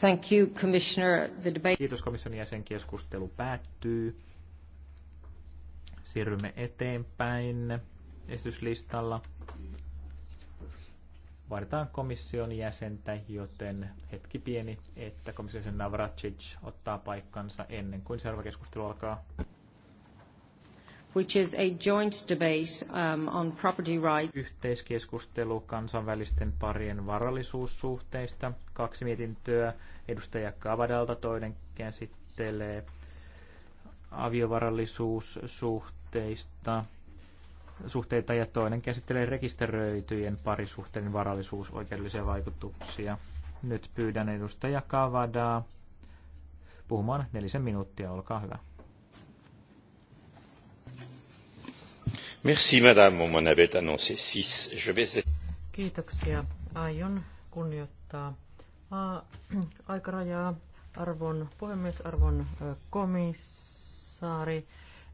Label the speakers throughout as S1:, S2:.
S1: Thank you, Commissioner. The debate... Kiitos komission jäsen. Keskustelu päättyy. Siirrymme eteenpäin esityslistalla. Vaaditaan komission jäsentä, joten hetki pieni, että komission jäsen Navracic ottaa paikkansa ennen kuin seuraava keskustelu alkaa which is a joint debate um, on property rights. Yhteiskeskustelu kansainvälisten parien varallisuussuhteista. Kaksi mietintöä. Edustaja Kavadalta toinen käsittelee aviovarallisuussuhteista suhteita ja toinen käsittelee rekisteröityjen parisuhteiden varallisuusoikeudellisia vaikutuksia. Nyt pyydän edustaja Kavadaa puhumaan nelisen minuuttia, olkaa hyvä.
S2: Kiitoksia. Aion kunnioittaa aikarajaa arvon puhemies, arvon komissaari.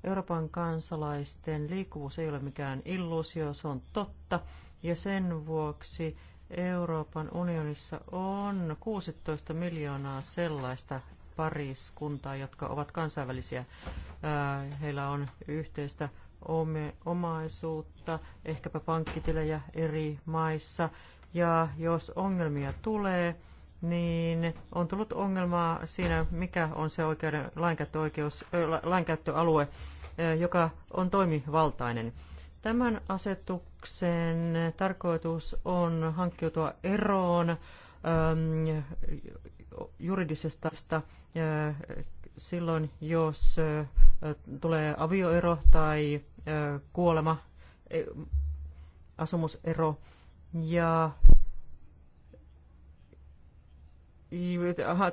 S2: Euroopan kansalaisten liikkuvuus ei ole mikään illuusio, se on totta. Ja sen vuoksi Euroopan unionissa on 16 miljoonaa sellaista pariskuntaa, jotka ovat kansainvälisiä. Heillä on yhteistä omaisuutta, ehkäpä pankkitilejä eri maissa. Ja jos ongelmia tulee, niin on tullut ongelmaa siinä, mikä on se oikeuden, lainkäyttöoikeus, lainkäyttöalue, joka on toimivaltainen. Tämän asetuksen tarkoitus on hankkiutua eroon ähm, juridisesta silloin, jos tulee avioero tai kuolema, e, asumusero ja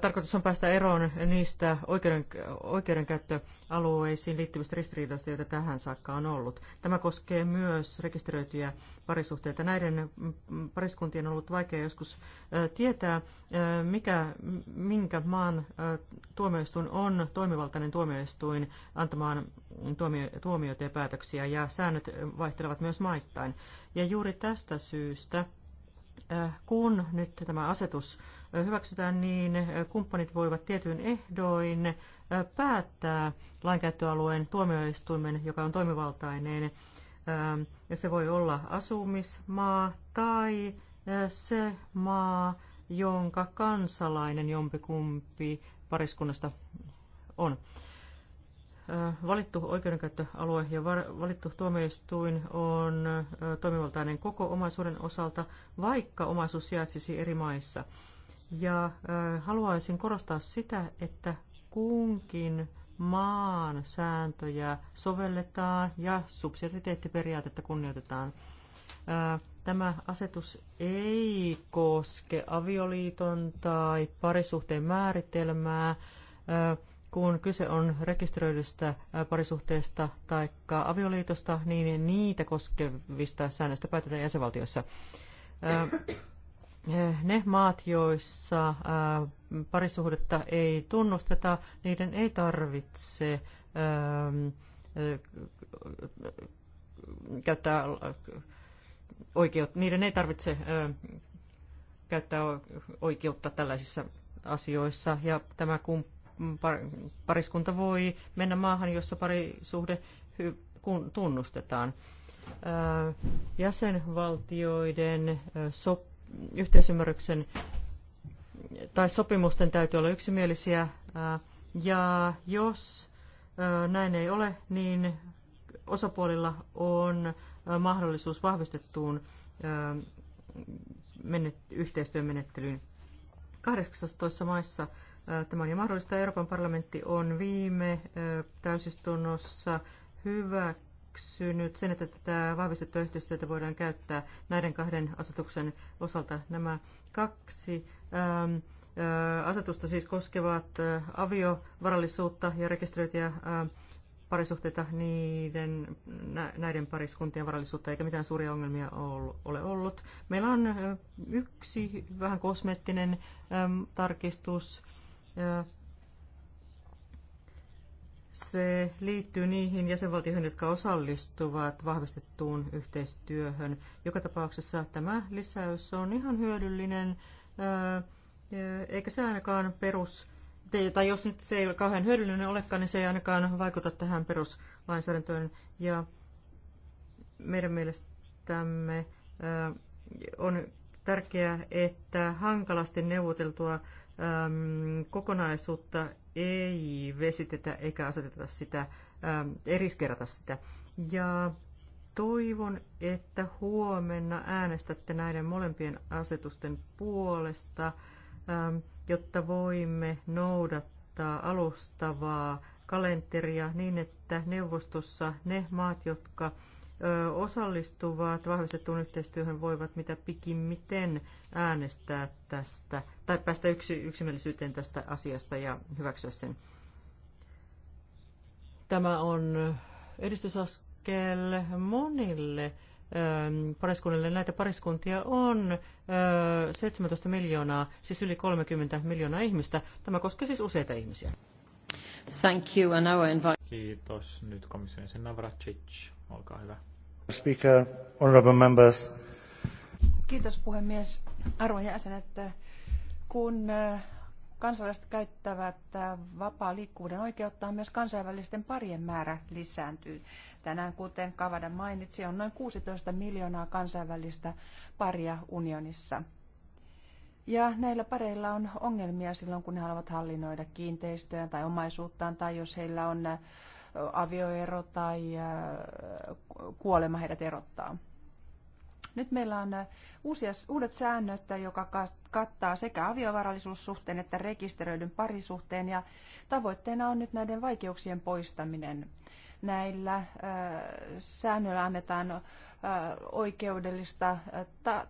S2: tarkoitus on päästä eroon niistä oikeuden, oikeudenkäyttöalueisiin liittyvistä ristiriidoista, joita tähän saakka on ollut. Tämä koskee myös rekisteröityjä parisuhteita. Näiden pariskuntien on ollut vaikea joskus tietää, mikä, minkä maan tuomioistuin on toimivaltainen tuomioistuin antamaan tuomio, tuomioita ja päätöksiä, ja säännöt vaihtelevat myös maittain. Ja juuri tästä syystä, kun nyt tämä asetus hyväksytään, niin kumppanit voivat tietyin ehdoin päättää lainkäyttöalueen tuomioistuimen, joka on toimivaltainen. Ja se voi olla asumismaa tai se maa, jonka kansalainen jompikumpi pariskunnasta on. Valittu oikeudenkäyttöalue ja valittu tuomioistuin on toimivaltainen koko omaisuuden osalta, vaikka omaisuus sijaitsisi eri maissa. Ja haluaisin korostaa sitä, että kunkin maan sääntöjä sovelletaan ja subsidiariteettiperiaatetta kunnioitetaan. Tämä asetus ei koske avioliiton tai parisuhteen määritelmää, kun kyse on rekisteröidystä parisuhteesta tai avioliitosta, niin niitä koskevista säännöistä päätetään jäsenvaltioissa. Eh, ne maat, joissa äh, parisuhdetta ei tunnusteta, niiden ei tarvitse ähm, äh, käyttää äh, oikeutta, niiden ei tarvitse käyttää oikeutta tällaisissa asioissa. Ja tämä pariskunta voi mennä maahan, jossa parisuhde tunnustetaan. Jäsenvaltioiden sop yhteisymmärryksen tai sopimusten täytyy olla yksimielisiä. Ja jos näin ei ole, niin osapuolilla on mahdollisuus vahvistettuun yhteistyömenettelyyn. 18 maissa tämä on jo mahdollista. Euroopan parlamentti on viime täysistunnossa hyvä hyväksynyt sen, että tätä vahvistettua yhteistyötä voidaan käyttää näiden kahden asetuksen osalta. Nämä kaksi ähm, äh, asetusta siis koskevat äh, aviovarallisuutta ja rekisteröityjä äh, parisuhteita niiden, näiden pariskuntien varallisuutta, eikä mitään suuria ongelmia ole ollut. Meillä on yksi vähän kosmeettinen tarkistus se liittyy niihin jäsenvaltioihin, jotka osallistuvat vahvistettuun yhteistyöhön. Joka tapauksessa tämä lisäys on ihan hyödyllinen, äh, eikä se ainakaan perus, tai jos nyt se ei ole kauhean hyödyllinen olekaan, niin se ei ainakaan vaikuta tähän peruslainsäädäntöön. Ja meidän mielestämme äh, on tärkeää, että hankalasti neuvoteltua ähm, kokonaisuutta ei vesitetä eikä aseteta sitä, ähm, eriskerrata sitä. Ja toivon, että huomenna äänestätte näiden molempien asetusten puolesta, ähm, jotta voimme noudattaa alustavaa kalenteria niin, että neuvostossa ne maat, jotka osallistuvat vahvistettuun yhteistyöhön voivat mitä pikimmiten äänestää tästä tai päästä yksi, yksimielisyyteen tästä asiasta ja hyväksyä sen. Tämä on edistysaskel monille ähm, pariskunnille. Näitä pariskuntia on 17 äh, miljoonaa, siis yli 30 miljoonaa ihmistä. Tämä koskee siis useita ihmisiä. Thank you, and now
S1: invite... Kiitos. Nyt komission jäsen Navracic. Olkaa hyvä. Speaker, honorable members.
S3: Kiitos puhemies. Arvon jäsenet, kun äh, kansalaiset käyttävät äh, vapaa liikkuvuuden oikeuttaan, myös kansainvälisten parien määrä lisääntyy. Tänään, kuten Kavada mainitsi, on noin 16 miljoonaa kansainvälistä paria unionissa. Ja näillä pareilla on ongelmia silloin, kun he haluavat hallinnoida kiinteistöään tai omaisuuttaan, tai jos heillä on äh, avioero tai kuolema heidät erottaa. Nyt meillä on äh, uusia, uudet säännöt, äh, joka kattaa sekä aviovarallisuussuhteen että rekisteröidyn parisuhteen ja tavoitteena on nyt näiden vaikeuksien poistaminen. Näillä äh, säännöillä annetaan oikeudellista ta-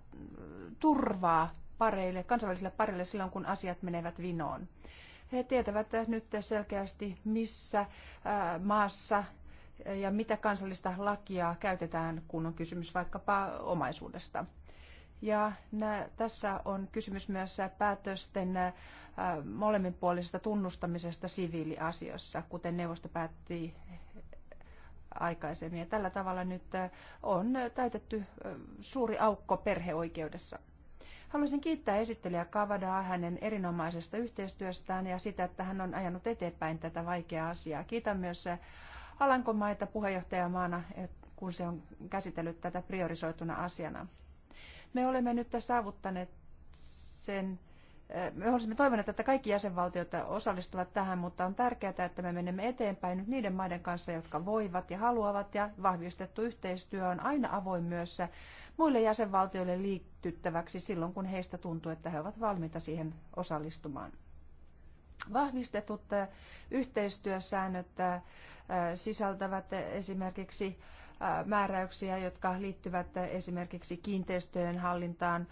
S3: turvaa pareille, kansainvälisille pareille silloin, kun asiat menevät vinoon. He tietävät nyt selkeästi, missä maassa ja mitä kansallista lakia käytetään, kun on kysymys vaikkapa omaisuudesta. Ja nä, tässä on kysymys myös päätösten ä, molemminpuolisesta tunnustamisesta siviiliasiossa, kuten neuvosto päätti aikaisemmin. Ja tällä tavalla nyt on täytetty suuri aukko perheoikeudessa. Haluaisin kiittää esittelijä Kavadaa hänen erinomaisesta yhteistyöstään ja sitä, että hän on ajanut eteenpäin tätä vaikeaa asiaa. Kiitän myös Alankomaita puheenjohtajamaana, kun se on käsitellyt tätä priorisoituna asiana. Me olemme nyt saavuttaneet sen, eh, me olisimme toivoneet, että kaikki jäsenvaltiot osallistuvat tähän, mutta on tärkeää, että me menemme eteenpäin nyt niiden maiden kanssa, jotka voivat ja haluavat, ja vahvistettu yhteistyö on aina avoin myös muille jäsenvaltioille liittyttäväksi silloin, kun heistä tuntuu, että he ovat valmiita siihen osallistumaan. Vahvistetut eh, yhteistyösäännöt eh, sisältävät esimerkiksi eh, määräyksiä, jotka liittyvät esimerkiksi kiinteistöjen hallintaan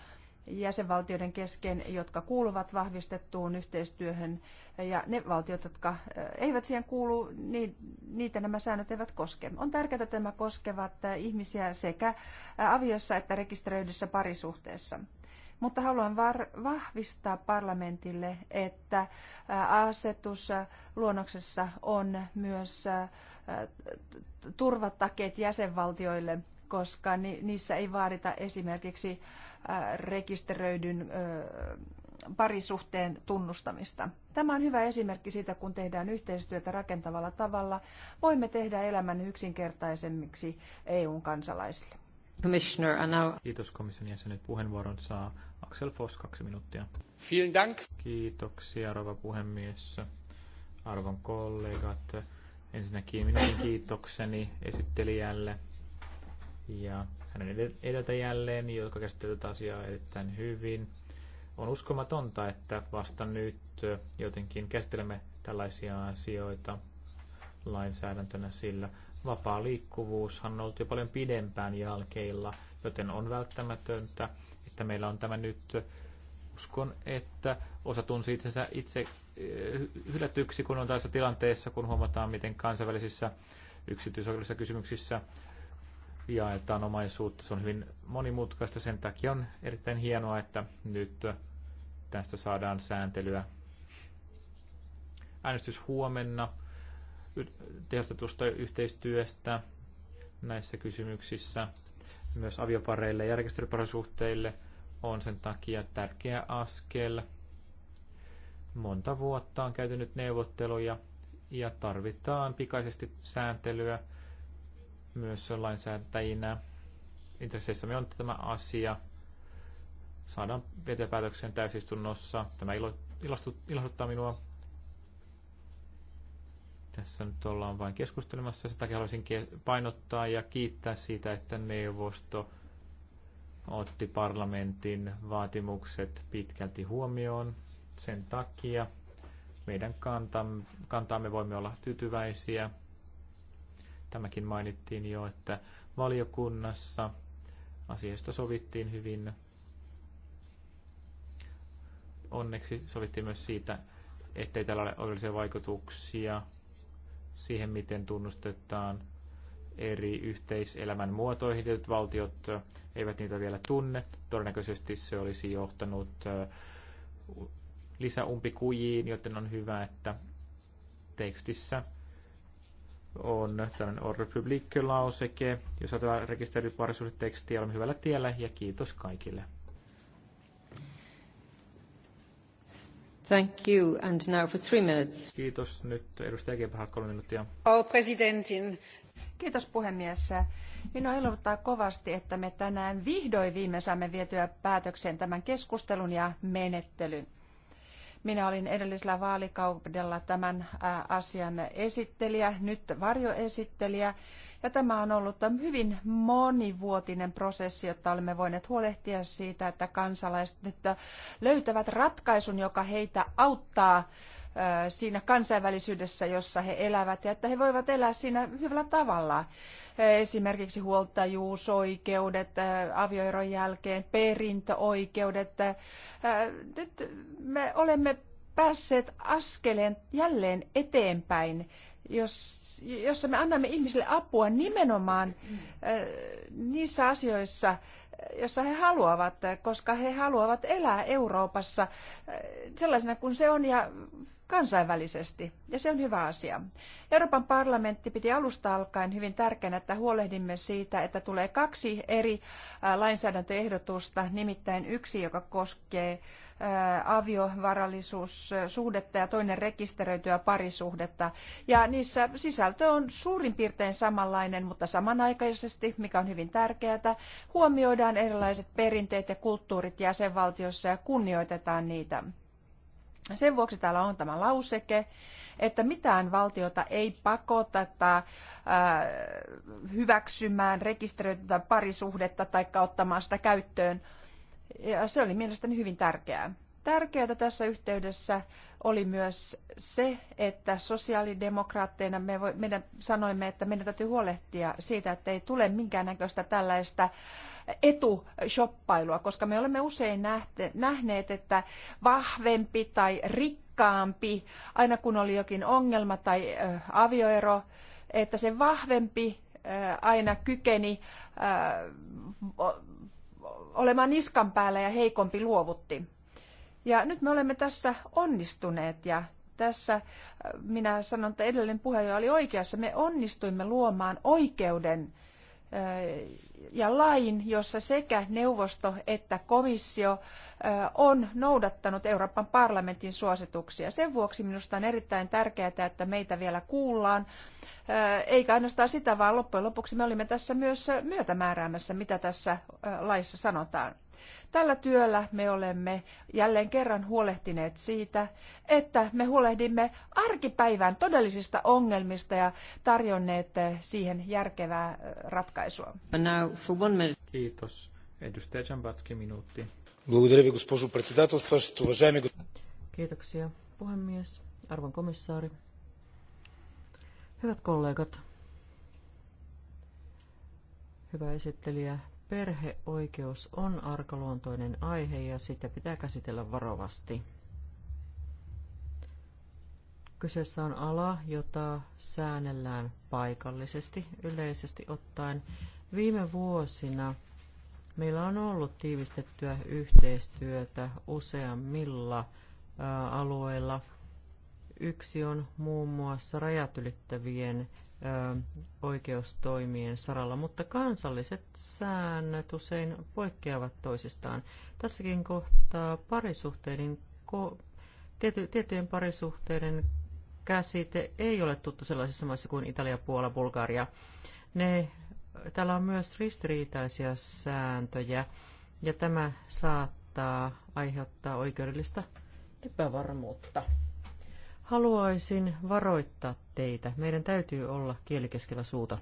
S3: jäsenvaltioiden kesken, jotka kuuluvat vahvistettuun yhteistyöhön, ja ne valtiot, jotka eivät siihen kuulu, niin niitä nämä säännöt eivät koske. On tärkeää, että nämä koskevat ihmisiä sekä aviossa että rekisteröidyssä parisuhteessa. Mutta haluan vahvistaa parlamentille, että asetusluonnoksessa on myös turvatakeet jäsenvaltioille, koska niissä ei vaadita esimerkiksi rekisteröidyn parisuhteen tunnustamista. Tämä on hyvä esimerkki siitä, kun tehdään yhteistyötä rakentavalla tavalla, voimme tehdä elämän yksinkertaisemmiksi EUn kansalaisille.
S1: Commissioner, and now... Kiitos komission jäsenet. Puheenvuoron saa Axel Foss, kaksi minuuttia. Vielen Dank. Kiitoksia, arvo puhemies. Arvon kollegat, ensinnäkin minunkin kiitokseni esittelijälle ja hänen edeltäjälleen, joka käsitteli tätä asiaa erittäin hyvin. On uskomatonta, että vasta nyt jotenkin käsittelemme tällaisia asioita lainsäädäntönä, sillä Vapaa liikkuvuushan on ollut jo paljon pidempään jalkeilla, joten on välttämätöntä, että meillä on tämä nyt. Uskon, että osa tunsi itsensä itse eh, hylätyksi, kun on tässä tilanteessa, kun huomataan, miten kansainvälisissä yksityisoikeudellisissa kysymyksissä jaetaan omaisuutta. Se on hyvin monimutkaista, sen takia on erittäin hienoa, että nyt tästä saadaan sääntelyä. Äänestys huomenna tehostetusta yhteistyöstä näissä kysymyksissä myös aviopareille ja rekisteröiparisuhteille on sen takia tärkeä askel. Monta vuotta on käyty nyt neuvotteluja ja tarvitaan pikaisesti sääntelyä myös lainsäätäjinä. Intresseissämme on tämä asia. Saadaan vietyä päätöksen täysistunnossa. Tämä ilahduttaa minua tässä nyt ollaan vain keskustelemassa, takia haluaisin painottaa ja kiittää siitä, että neuvosto otti parlamentin vaatimukset pitkälti huomioon. Sen takia meidän kantaamme voimme olla tyytyväisiä. Tämäkin mainittiin jo, että valiokunnassa asiasta sovittiin hyvin. Onneksi sovittiin myös siitä, ettei tällä ole oleellisia vaikutuksia siihen, miten tunnustetaan eri yhteiselämän muotoihin. Tietyt valtiot eivät niitä vielä tunne. Todennäköisesti se olisi johtanut lisäumpikujiin, joten on hyvä, että tekstissä on tällainen Or Republic-lauseke. Jos ajatellaan rekisteröidyparisuudet tekstiä, olemme hyvällä tiellä ja kiitos kaikille. Thank you. And now for three minutes. Kiitos. Nyt edustaja Gebhardt, kolme minuuttia.
S3: Frau presidentin, Kiitos puhemies. Minua ilottaa kovasti, että me tänään vihdoin viime saamme vietyä päätökseen tämän keskustelun ja menettelyn. Minä olin edellisellä vaalikaudella tämän asian esittelijä, nyt varjoesittelijä, ja tämä on ollut hyvin monivuotinen prosessi, jotta olemme voineet huolehtia siitä, että kansalaiset nyt löytävät ratkaisun, joka heitä auttaa siinä kansainvälisyydessä, jossa he elävät, ja että he voivat elää siinä hyvällä tavalla. Esimerkiksi huoltajuusoikeudet, avioeron jälkeen perintöoikeudet. Nyt me olemme päässeet askeleen jälleen eteenpäin, jos, jossa me annamme ihmisille apua nimenomaan niissä asioissa, jossa he haluavat, koska he haluavat elää Euroopassa sellaisena kuin se on ja kansainvälisesti, ja se on hyvä asia. Euroopan parlamentti piti alusta alkaen hyvin tärkeänä, että huolehdimme siitä, että tulee kaksi eri lainsäädäntöehdotusta, nimittäin yksi, joka koskee aviovarallisuussuhdetta ja toinen rekisteröityä parisuhdetta. Ja niissä sisältö on suurin piirtein samanlainen, mutta samanaikaisesti, mikä on hyvin tärkeää, huomioidaan erilaiset perinteet ja kulttuurit jäsenvaltiossa ja kunnioitetaan niitä. Sen vuoksi täällä on tämä lauseke, että mitään valtiota ei pakoteta ää, äh, hyväksymään rekisteröityä parisuhdetta tai ottamaan sitä käyttöön. Ja se oli mielestäni hyvin tärkeää. Tärkeää tässä yhteydessä oli myös se, että sosiaalidemokraatteina me voi, meidän sanoimme, että meidän täytyy huolehtia siitä, että ei tule minkäännäköistä tällaista etushoppailua, koska me olemme usein nähte, nähneet, että vahvempi tai rikkaampi, aina kun oli jokin ongelma tai äh, avioero, että se vahvempi äh, aina kykeni äh, olemaan niskan päällä ja heikompi luovutti ja nyt me olemme tässä onnistuneet ja tässä äh, minä sanon, että edellinen puheenjohtaja oli oikeassa. Me onnistuimme luomaan oikeuden äh, ja lain, jossa sekä neuvosto että komissio äh, on noudattanut Euroopan parlamentin suosituksia. Sen vuoksi minusta on erittäin tärkeää, että meitä vielä kuullaan. Eikä ainoastaan sitä, vaan loppujen lopuksi me olimme tässä myös myötämääräämässä, mitä tässä laissa sanotaan. Tällä työllä me olemme jälleen kerran huolehtineet siitä, että me huolehdimme arkipäivän todellisista ongelmista ja tarjonneet eh, siihen järkevää eh, ratkaisua.
S1: Kiitos. Edustaja Jambatski, minuutti.
S2: Kiitoksia, puhemies, arvon komissaari. Hyvät kollegat, hyvä esittelijä, Perheoikeus on arkaluontoinen aihe ja sitä pitää käsitellä varovasti. Kyseessä on ala, jota säännellään paikallisesti, yleisesti ottaen. Viime vuosina meillä on ollut tiivistettyä yhteistyötä useammilla alueilla. Yksi on muun muassa rajat ylittävien oikeustoimien saralla, mutta kansalliset säännöt usein poikkeavat toisistaan. Tässäkin kohtaa parisuhteiden, tiety, tiettyjen parisuhteiden käsite ei ole tuttu sellaisissa maissa kuin Italia, Puola, Bulgaria. Ne, täällä on myös ristiriitaisia sääntöjä ja tämä saattaa aiheuttaa oikeudellista epävarmuutta. Haluaisin varoittaa teitä. Meidän täytyy olla kielikeskellä suuta.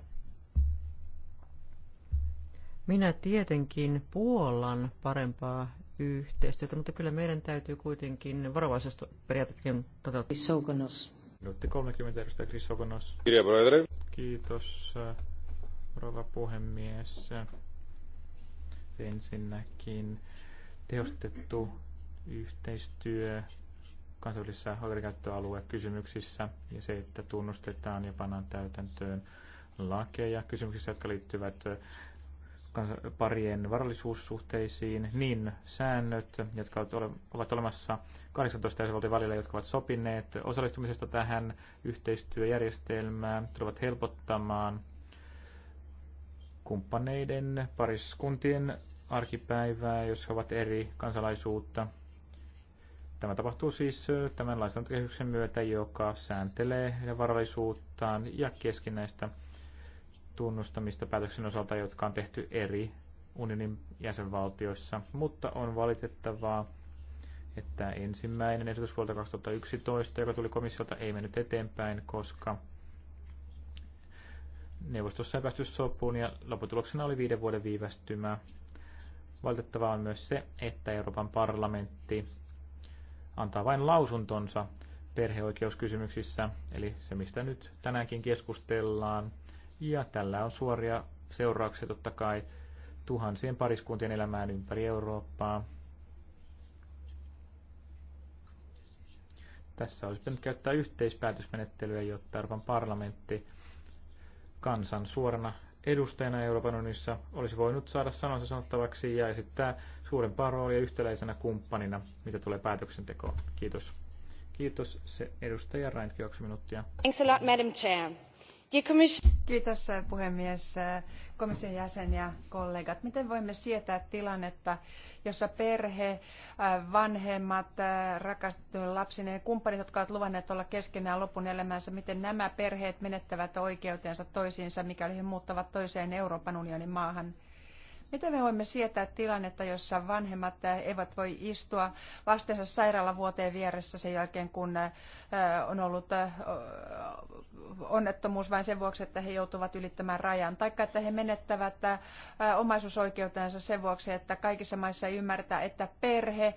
S2: Minä tietenkin puolan parempaa yhteistyötä, mutta kyllä meidän täytyy kuitenkin
S1: varovaisuusperiaatetkin toteuttaa. Krisogonos. Minuutti 30, edustaja Ogonos. Kiitos, rouva puhemies. Ensinnäkin tehostettu yhteistyö kansainvälisissä oikeudenkäyttöaluekysymyksissä ja se, että tunnustetaan ja pannaan täytäntöön lakeja kysymyksissä, jotka liittyvät parien varallisuussuhteisiin, niin säännöt, jotka ovat olemassa 18 jäsenvaltion välillä, jotka ovat sopineet osallistumisesta tähän yhteistyöjärjestelmään, tulevat helpottamaan kumppaneiden pariskuntien arkipäivää, jos he ovat eri kansalaisuutta. Tämä tapahtuu siis tämän lainsäädäntökehyksen myötä, joka sääntelee varallisuuttaan ja keskinäistä tunnustamista päätöksen osalta, jotka on tehty eri unionin jäsenvaltioissa. Mutta on valitettavaa, että ensimmäinen ehdotus vuodelta 2011, joka tuli komissiolta, ei mennyt eteenpäin, koska neuvostossa ei päästy sopuun ja lopputuloksena oli viiden vuoden viivästymä. Valitettavaa on myös se, että Euroopan parlamentti antaa vain lausuntonsa perheoikeuskysymyksissä, eli se mistä nyt tänäänkin keskustellaan. Ja tällä on suoria seurauksia totta kai tuhansien pariskuntien elämään ympäri Eurooppaa. Tässä olisi pitänyt käyttää yhteispäätösmenettelyä, jotta Euroopan parlamentti kansan suorana edustajana Euroopan unionissa olisi voinut saada sanansa sanottavaksi ja esittää suurempaa roolia yhtäläisenä kumppanina, mitä tulee päätöksentekoon. Kiitos. Kiitos se edustaja Reintke, kaksi minuuttia.
S3: Thanks a lot, Madam Chair. Kiitos puhemies, komission jäsen ja kollegat. Miten voimme sietää tilannetta, jossa perhe, vanhemmat, rakastettujen lapsineen ja kumppanit, jotka ovat luvanneet olla keskenään lopun elämänsä, miten nämä perheet menettävät oikeutensa toisiinsa, mikäli he muuttavat toiseen Euroopan unionin maahan? Miten me voimme sietää tilannetta, jossa vanhemmat eivät voi istua lastensa sairaalavuoteen vieressä sen jälkeen, kun on ollut onnettomuus vain sen vuoksi, että he joutuvat ylittämään rajan, tai että he menettävät äh, omaisuusoikeutensa sen vuoksi, että kaikissa maissa ei ymmärretä, että perhe,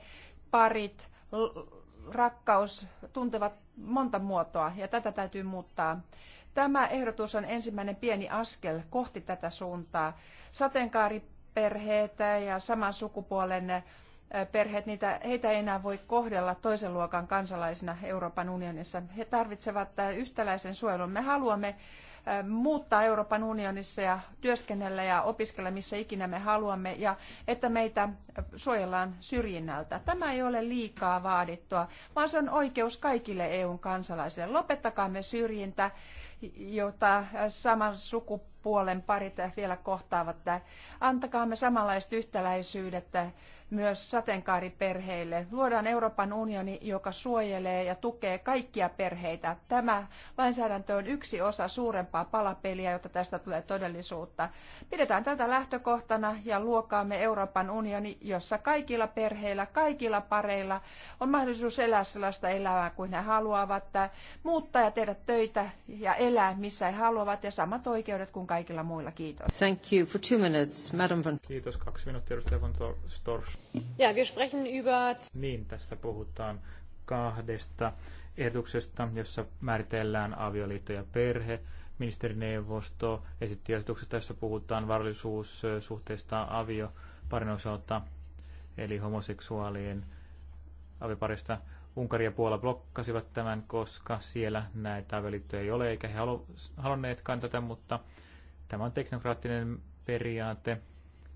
S3: parit, rakkaus tuntevat monta muotoa, ja tätä täytyy muuttaa. Tämä ehdotus on ensimmäinen pieni askel kohti tätä suuntaa. Sateenkaariperheet ja saman sukupuolen perheet, niitä, heitä ei enää voi kohdella toisen luokan kansalaisina Euroopan unionissa. He tarvitsevat yhtäläisen suojelun. Me haluamme muuttaa Euroopan unionissa ja työskennellä ja opiskella missä ikinä me haluamme ja että meitä suojellaan syrjinnältä. Tämä ei ole liikaa vaadittua, vaan se on oikeus kaikille EUn kansalaisille. Lopettakaamme syrjintä, jota saman sukupuolen parit vielä kohtaavat. Antakaamme samanlaiset yhtäläisyydet myös sateenkaariperheille. Luodaan Euroopan unioni, joka suojelee ja tukee kaikkia perheitä. Tämä lainsäädäntö on yksi osa suurempaa parempaa palapeliä, jotta tästä tulee todellisuutta. Pidetään tätä lähtökohtana ja luokaamme Euroopan unioni, jossa kaikilla perheillä, kaikilla pareilla on mahdollisuus elää sellaista elämää kuin he haluavat, muuttaa ja tehdä töitä ja elää missä he haluavat ja samat oikeudet kuin kaikilla muilla. Kiitos.
S1: Thank you for two minutes, Madam von... Kiitos. Kaksi minuuttia, edustaja von Storch. Ja, wir sprechen über... Niin, tässä puhutaan kahdesta ehdotuksesta, jossa määritellään avioliitto ja perhe ministerineuvosto esitti asetuksesta, jossa puhutaan varallisuussuhteista avioparin osalta, eli homoseksuaalien aviparista. Unkari ja Puola blokkasivat tämän, koska siellä näitä avioliittoja ei ole, eikä he halunneetkaan tätä, mutta tämä on teknokraattinen periaate.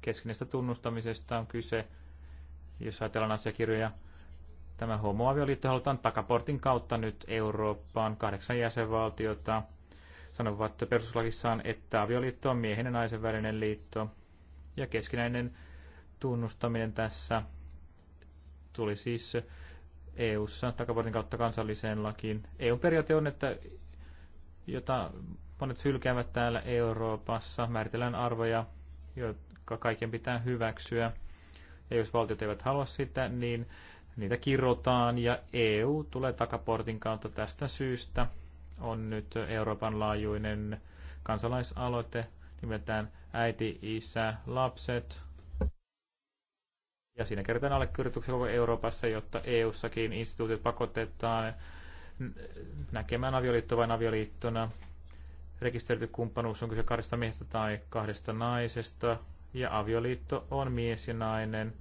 S1: Keskinäistä tunnustamisesta on kyse, jos ajatellaan asiakirjoja. Tämä homoavioliitto halutaan takaportin kautta nyt Eurooppaan, kahdeksan jäsenvaltiota – sanovat perustuslakissaan, että avioliitto on miehen ja naisen välinen liitto ja keskinäinen tunnustaminen tässä tuli siis EU-ssa takaportin kautta kansalliseen lakiin. EU-periaate on, että jota monet hylkäävät täällä Euroopassa, määritellään arvoja, jotka kaiken pitää hyväksyä. Ja jos valtiot eivät halua sitä, niin niitä kirrotaan ja EU tulee takaportin kautta tästä syystä on nyt Euroopan laajuinen kansalaisaloite nimeltään Äiti, Isä, Lapset. Ja siinä kerätään allekirjoituksia koko Euroopassa, jotta EU-sakin instituutiot pakotetaan näkemään avioliitto vain avioliittona. Rekisteröity kumppanuus on kyse kahdesta miehestä tai kahdesta naisesta. Ja avioliitto on mies ja nainen,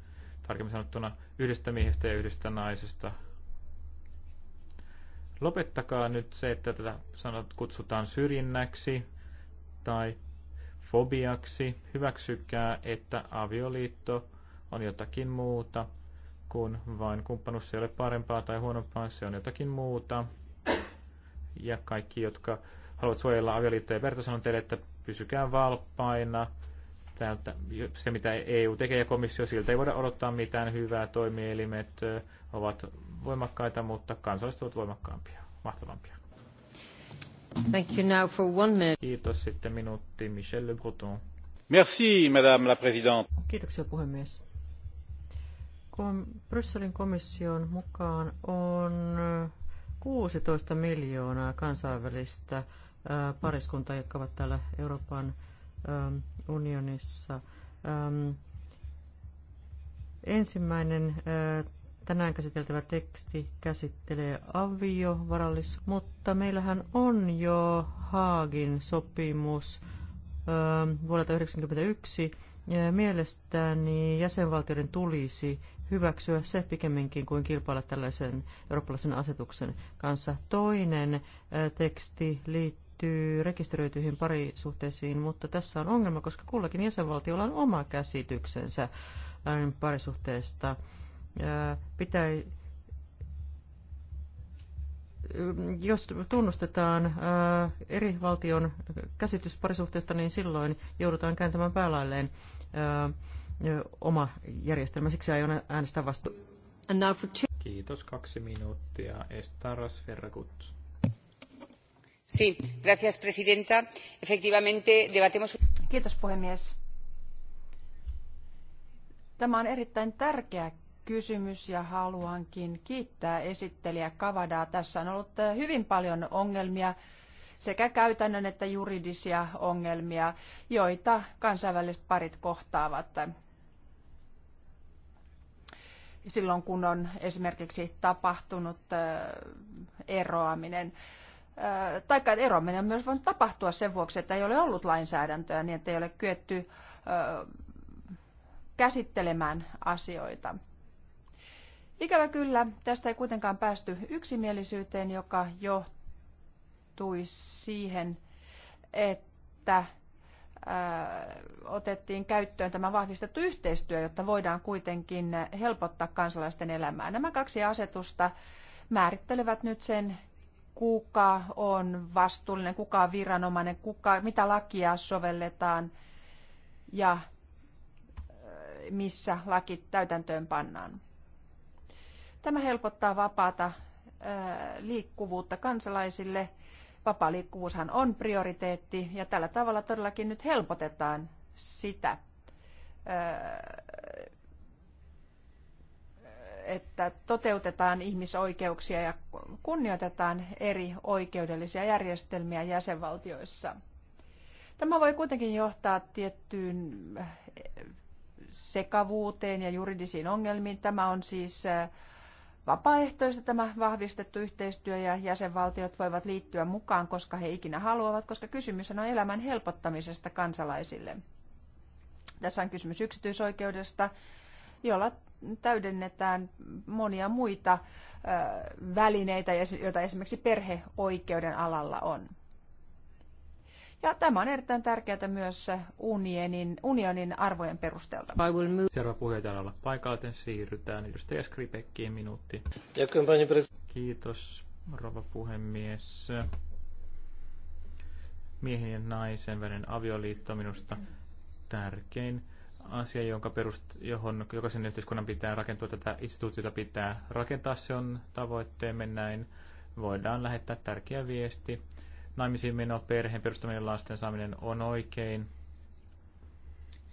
S1: tarkemmin sanottuna yhdestä miehestä ja yhdestä naisesta. Lopettakaa nyt se, että tätä sanot kutsutaan syrjinnäksi tai fobiaksi. Hyväksykää, että avioliitto on jotakin muuta kuin vain kumppanuus ei ole parempaa tai huonompaa, se on jotakin muuta. Ja kaikki, jotka haluat suojella avioliittoja verta, sanon teille, että pysykää valppaina Täältä, se, mitä EU tekee ja komissio, siltä ei voida odottaa mitään hyvää. Toimielimet ovat voimakkaita, mutta kansalaiset ovat voimakkaampia, mahtavampia. Thank you now for one minute. Kiitos sitten minuutti Michel Le Breton. Merci, Madame la Présidente. Kiitoksia
S2: puhemies. Kom- Brysselin komission mukaan on 16 miljoonaa kansainvälistä pariskuntaa, jotka ovat täällä Euroopan unionissa. Ähm, ensimmäinen äh, tänään käsiteltävä teksti käsittelee aviovarallis, mutta meillähän on jo Haagin sopimus ö, vuodelta 1991. Mielestäni jäsenvaltioiden tulisi hyväksyä se pikemminkin kuin kilpailla tällaisen eurooppalaisen asetuksen kanssa. Toinen teksti liittyy liittyy rekisteröityihin parisuhteisiin, mutta tässä on ongelma, koska kullakin jäsenvaltiolla on oma käsityksensä ähm, parisuhteesta. Äh, Pitää, äh, jos tunnustetaan äh, eri valtion käsitys parisuhteesta, niin silloin joudutaan kääntämään päälailleen oma järjestelmä. Siksi aion äänestää vastaan.
S1: Kiitos, kaksi minuuttia. Estaras Ferragutsu.
S3: Kiitos puhemies. Tämä on erittäin tärkeä kysymys ja haluankin kiittää esittelijä Kavadaa. Tässä on ollut eh, hyvin paljon ongelmia, sekä käytännön että juridisia ongelmia, joita kansainväliset parit kohtaavat silloin, kun on esimerkiksi tapahtunut eh, eroaminen taikka eroaminen on myös voinut tapahtua sen vuoksi, että ei ole ollut lainsäädäntöä, niin että ei ole kyetty käsittelemään asioita. Ikävä kyllä, tästä ei kuitenkaan päästy yksimielisyyteen, joka johtui siihen, että otettiin käyttöön tämä vahvistettu yhteistyö, jotta voidaan kuitenkin helpottaa kansalaisten elämää. Nämä kaksi asetusta määrittelevät nyt sen, kuka on vastuullinen, kuka on viranomainen, kuka, mitä lakia sovelletaan ja äh, missä laki täytäntöön pannaan. Tämä helpottaa vapaata äh, liikkuvuutta kansalaisille. Vapaa liikkuvuushan on prioriteetti ja tällä tavalla todellakin nyt helpotetaan sitä äh, että toteutetaan ihmisoikeuksia ja kunnioitetaan eri oikeudellisia järjestelmiä jäsenvaltioissa. Tämä voi kuitenkin johtaa tiettyyn eh, sekavuuteen ja juridisiin ongelmiin. Tämä on siis eh, vapaaehtoista tämä vahvistettu yhteistyö ja jäsenvaltiot voivat liittyä mukaan, koska he ikinä haluavat, koska kysymys on elämän helpottamisesta kansalaisille. Tässä on kysymys yksityisoikeudesta, jolla täydennetään monia muita välineitä, joita esimerkiksi perheoikeuden alalla on. Ja tämä on erittäin tärkeää myös unionin, unionin arvojen perusteelta.
S1: Seuraava puheenjohtaja olla paikalla, joten siirrytään edustaja Skripekkiin minuutti. Kiitos, rouva puhemies. Miehen ja naisen välinen avioliitto minusta tärkein asia, jonka perust, johon jokaisen yhteiskunnan pitää rakentua, tätä instituutiota pitää rakentaa, se on tavoitteemme näin. Voidaan lähettää tärkeä viesti. Naimisiin meno, perheen perustaminen, lasten saaminen on oikein.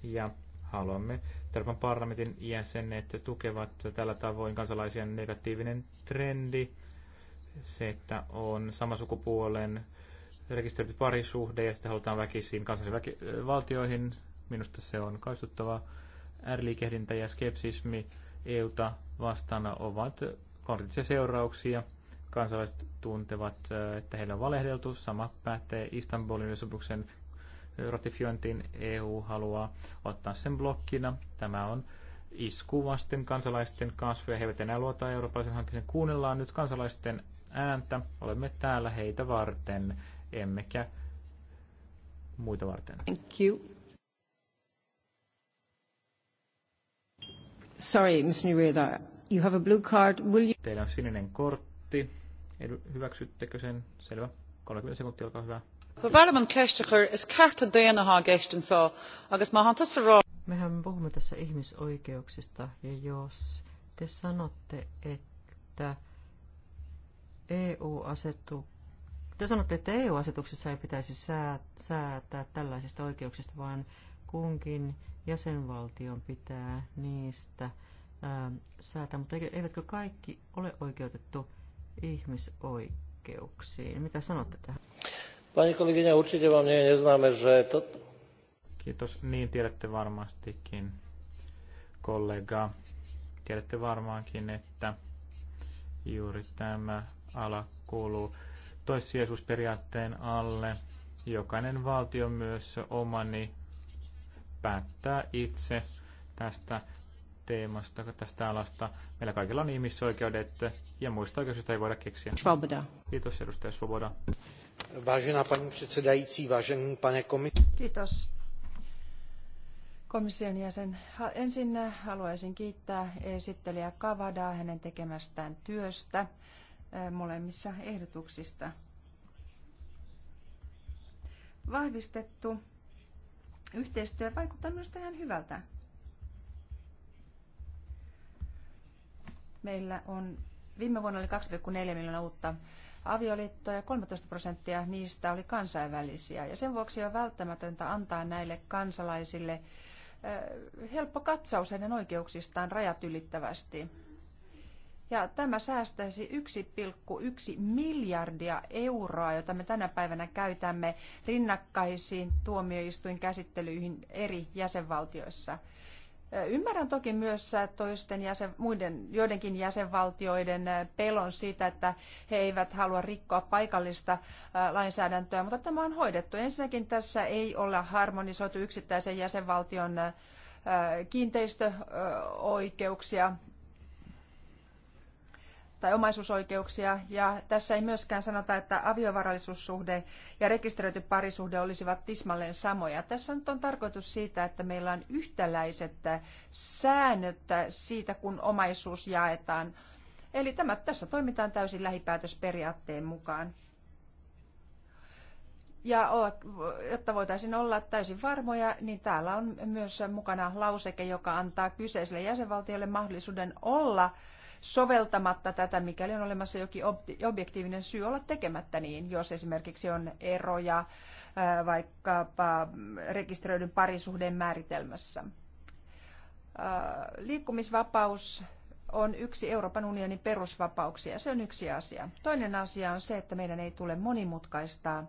S1: Ja haluamme Euroopan parlamentin jäsenet tukevat tällä tavoin kansalaisia negatiivinen trendi. Se, että on sukupuolen rekisteröity parisuhde ja sitten halutaan väkisiin kansallisiin väki- valtioihin Minusta se on kaistuttava Ääriliikehdintä ja skepsismi EUta vastaan ovat konkreettisia seurauksia. Kansalaiset tuntevat, että heillä on valehdeltu. Sama pätee Istanbulin sopimuksen ratifiointiin. EU haluaa ottaa sen blokkina. Tämä on isku vasten kansalaisten kasvoja. He eivät enää luota eurooppalaisen hankkeeseen. Kuunnellaan nyt kansalaisten ääntä. Olemme täällä heitä varten, emmekä muita varten. Thank you. Sorry, Ms. Nireda, you have a blue card. Will you... Teillä on sininen kortti. Hyväksyttekö sen? Selvä. 30 sekuntia, olkaa hyvä.
S2: Mehän puhumme tässä ihmisoikeuksista, ja jos te sanotte, että EU-asetu... Te sanotte, että EU-asetuksessa ei pitäisi säätää tällaisista oikeuksista, vaan kunkin jäsenvaltion pitää niistä ää, ähm, säätää, mutta eivätkö kaikki ole oikeutettu ihmisoikeuksiin? Mitä sanotte tähän?
S1: Pani kollegina, určite vám nie neznáme, že to... Kiitos. Niin tiedätte varmastikin, kollega. Tiedätte varmaankin, että juuri tämä ala kuuluu toissijaisuusperiaatteen alle. Jokainen valtio myös omani päättää itse tästä teemasta, tästä alasta. Meillä kaikilla on ihmisoikeudet ja muista oikeuksista ei voida keksiä. Svoboda. Kiitos edustaja Svoboda. Vážená paní předsedající, vážený pane komis...
S3: Kiitos. Komission jäsen. Ensin haluaisin kiittää esittelijä Kavadaa hänen tekemästään työstä eh, molemmissa ehdotuksista. Vahvistettu Yhteistyö vaikuttaa myös tähän hyvältä. Meillä on viime vuonna oli 2,4 miljoonaa uutta avioliittoa ja 13 prosenttia niistä oli kansainvälisiä. Ja sen vuoksi on välttämätöntä antaa näille kansalaisille helppo katsaus heidän oikeuksistaan rajat ylittävästi ja tämä säästäisi 1,1 miljardia euroa, jota me tänä päivänä käytämme rinnakkaisiin tuomioistuinkäsittelyihin eri jäsenvaltioissa. Ymmärrän toki myös äh, toisten jäsen, muiden, joidenkin jäsenvaltioiden äh, pelon siitä, että he eivät halua rikkoa paikallista äh, lainsäädäntöä, mutta tämä on hoidettu. Ensinnäkin tässä ei ole harmonisoitu yksittäisen jäsenvaltion kiinteistöoikeuksia tai omaisuusoikeuksia. Ja tässä ei myöskään sanota, että aviovarallisuussuhde ja rekisteröity parisuhde olisivat tismalleen samoja. Tässä nyt on tarkoitus siitä, että meillä on yhtäläiset säännöt siitä, kun omaisuus jaetaan. Eli tämä, tässä toimitaan täysin lähipäätösperiaatteen mukaan. Ja jotta voitaisiin olla täysin varmoja, niin täällä on myös mukana lauseke, joka antaa kyseiselle jäsenvaltiolle mahdollisuuden olla soveltamatta tätä, mikäli on olemassa jokin objektiivinen syy olla tekemättä niin, jos esimerkiksi on eroja vaikkapa rekisteröidyn parisuhden määritelmässä. Liikkumisvapaus on yksi Euroopan unionin perusvapauksia. Se on yksi asia. Toinen asia on se, että meidän ei tule monimutkaistaa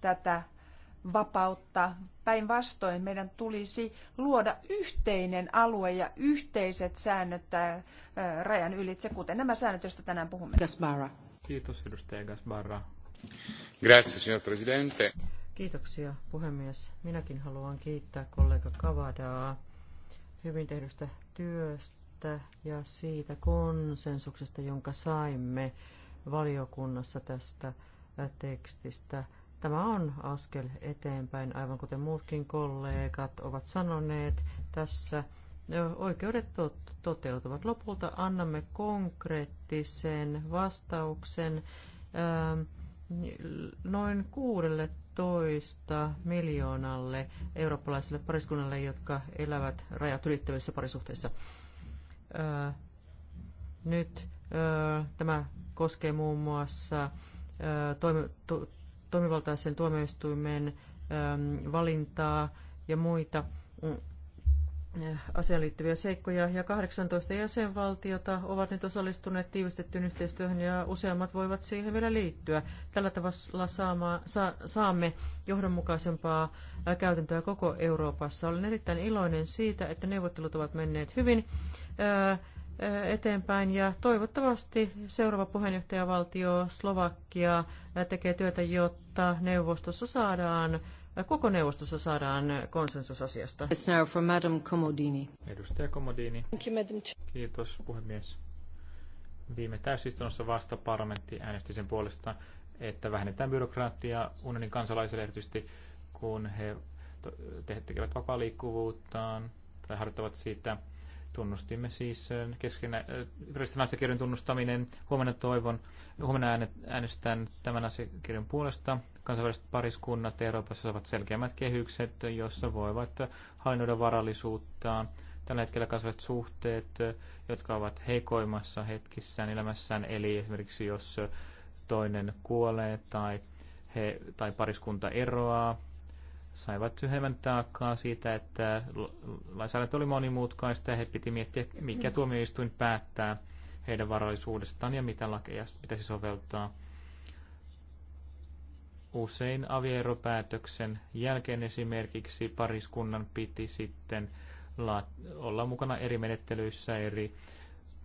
S3: tätä vapautta Päinvastoin meidän tulisi luoda yhteinen alue ja yhteiset säännöt rajan ylitse, kuten nämä säännöt, joista tänään puhumme. Gasbara.
S1: Kiitos edustaja Gasbara. Grazie, signor Presidente.
S2: Kiitoksia puhemies. Minäkin haluan kiittää kollega Kavadaa hyvin tehdystä työstä ja siitä konsensuksesta, jonka saimme valiokunnassa tästä tekstistä. Tämä on askel eteenpäin, aivan kuten muutkin kollegat ovat sanoneet. Tässä oikeudet toteutuvat. Lopulta annamme konkreettisen vastauksen ähm, noin 16 miljoonalle eurooppalaiselle pariskunnalle, jotka elävät rajat ylittävissä parisuhteissa. Äh, nyt äh, tämä koskee muun muassa äh, toimivaltaisen tuomioistuimen ähm, valintaa ja muita mm, äh, asiaan liittyviä seikkoja, ja 18 jäsenvaltiota ovat nyt osallistuneet tiivistettyyn yhteistyöhön, ja useammat voivat siihen vielä liittyä. Tällä tavalla saama, sa, saamme johdonmukaisempaa äh, käytäntöä koko Euroopassa. Olen erittäin iloinen siitä, että neuvottelut ovat menneet hyvin. Ää, äh, eteenpäin ja toivottavasti seuraava puheenjohtajavaltio Slovakia tekee työtä, jotta neuvostossa saadaan koko neuvostossa saadaan konsensus asiasta. It's now for Madam Comodini.
S1: Edustaja Comodini. Kiitos puhemies. Viime täysistunnossa vasta parlamentti äänesti sen puolesta, että vähennetään byrokraattia unionin kansalaisille erityisesti, kun he tekevät vapaa liikkuvuuttaan tai harjoittavat siitä Tunnustimme siis äh, keskenä, yleisten äh, asiakirjan tunnustaminen. Huomenna toivon, huomenna äänestän tämän asiakirjan puolesta. Kansainväliset pariskunnat Euroopassa saavat selkeämmät kehykset, jossa voivat hallinnoida varallisuuttaan. Tällä hetkellä kasvavat suhteet, äh, jotka ovat heikoimmassa hetkissään elämässään, eli esimerkiksi jos toinen kuolee tai, he, tai pariskunta eroaa, saivat syhemmän taakkaa siitä, että lainsäädäntö oli monimutkaista ja he piti miettiä, mikä mm. tuomioistuin päättää heidän varallisuudestaan ja mitä lakeja pitäisi soveltaa. Usein avieropäätöksen jälkeen esimerkiksi pariskunnan piti sitten olla mukana eri menettelyissä eri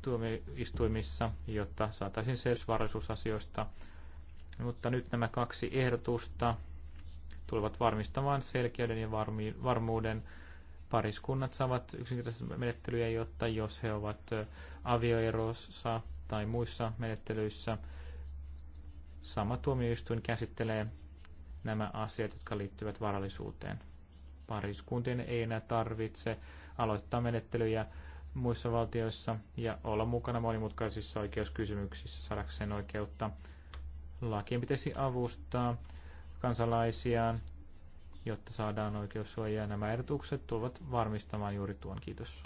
S1: tuomioistuimissa, jotta saataisiin selvys varallisuusasioista. Mutta nyt nämä kaksi ehdotusta tulevat varmistamaan selkeyden ja varmi, varmuuden. Pariskunnat saavat yksinkertaisia menettelyjä, jotta jos he ovat avioerossa tai muissa menettelyissä, sama tuomioistuin käsittelee nämä asiat, jotka liittyvät varallisuuteen. Pariskuntien ei enää tarvitse aloittaa menettelyjä muissa valtioissa ja olla mukana monimutkaisissa oikeuskysymyksissä saadakseen oikeutta. Lakien pitäisi avustaa kansalaisiaan, jotta saadaan oikeussuojaa. Nämä ehdotukset tulevat varmistamaan juuri tuon. Kiitos.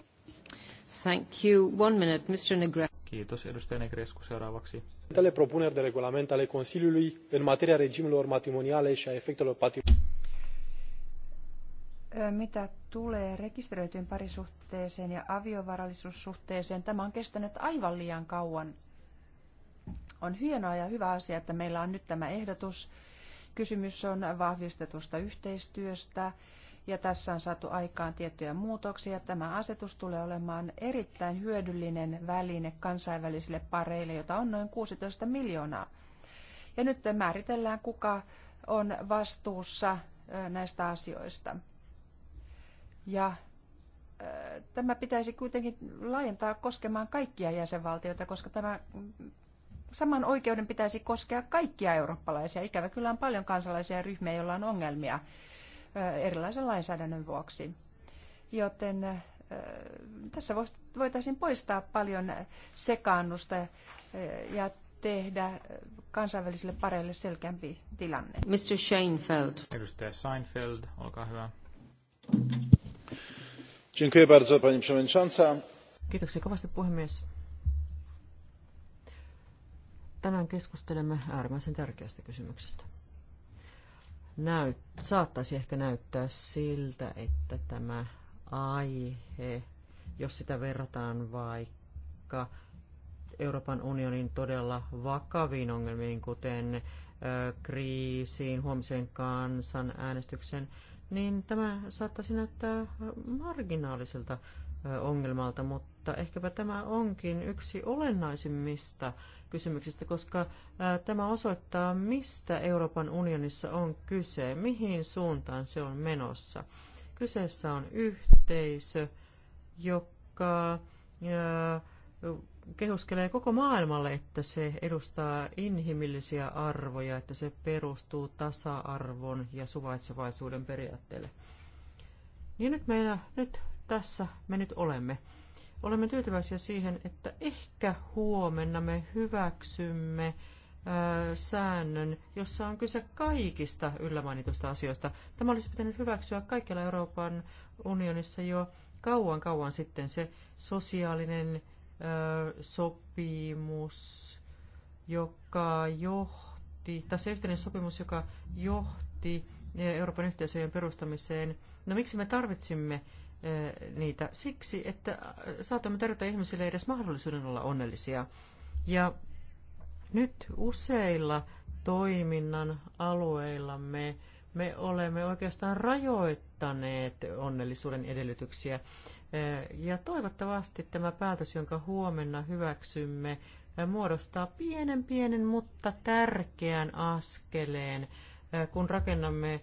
S1: Thank you. One minute, Mr. Negre. Kiitos, edustaja Negrescu, seuraavaksi.
S2: Tele propuneri de regulament ale Consiliului în materia regimilor matrimoniale și a efectelor patrimoniale
S3: mitä tulee rekisteröityyn parisuhteeseen ja aviovarallisuussuhteeseen, tämä on kestänyt aivan liian kauan. On hienoa ja hyvä asia, että meillä on nyt tämä ehdotus, Kysymys on vahvistetusta yhteistyöstä ja tässä on saatu aikaan tiettyjä muutoksia. Tämä asetus tulee olemaan erittäin hyödyllinen väline kansainvälisille pareille, jota on noin 16 miljoonaa. Ja nyt määritellään, kuka on vastuussa näistä asioista. Ja tämä pitäisi kuitenkin laajentaa koskemaan kaikkia jäsenvaltioita, koska tämä saman oikeuden pitäisi koskea kaikkia eurooppalaisia. Ikävä kyllä on paljon kansalaisia ryhmiä, joilla on ongelmia erilaisen lainsäädännön vuoksi. Joten tässä voitaisiin poistaa paljon sekaannusta ja tehdä kansainvälisille pareille selkeämpi tilanne. Mr.
S1: Seinfeld. Edustaja Seinfeld, olkaa hyvä.
S2: Dziękuję bardzo, pani przewodnicząca. Kiitoksia kovasti puhemies. Tänään keskustelemme äärimmäisen tärkeästä kysymyksestä. Näyt, saattaisi ehkä näyttää siltä, että tämä aihe, jos sitä verrataan vaikka Euroopan unionin todella vakaviin ongelmiin, kuten kriisiin, huomisen kansan äänestyksen, niin tämä saattaisi näyttää marginaaliselta ongelmalta, mutta ehkäpä tämä onkin yksi olennaisimmista kysymyksistä, koska tämä osoittaa, mistä Euroopan unionissa on kyse, mihin suuntaan se on menossa. Kyseessä on yhteisö, joka kehuskelee koko maailmalle, että se edustaa inhimillisiä arvoja, että se perustuu tasa-arvon ja suvaitsevaisuuden periaatteelle. Niin nyt meillä, nyt tässä me nyt olemme. Olemme tyytyväisiä siihen, että ehkä huomenna me hyväksymme säännön, jossa on kyse kaikista yllä mainituista asioista. Tämä olisi pitänyt hyväksyä kaikilla Euroopan unionissa jo kauan kauan sitten se sosiaalinen ö, sopimus, joka johti, tai se yhteinen sopimus, joka johti Euroopan yhteisöjen perustamiseen. No miksi me tarvitsimme Eh, niitä siksi, että äh, saatamme tarjota ihmisille edes mahdollisuuden olla onnellisia. Ja nyt useilla toiminnan alueillamme me olemme oikeastaan rajoittaneet onnellisuuden edellytyksiä. Eh, ja toivottavasti tämä päätös, jonka huomenna hyväksymme, eh, muodostaa pienen pienen, mutta tärkeän askeleen, kun rakennamme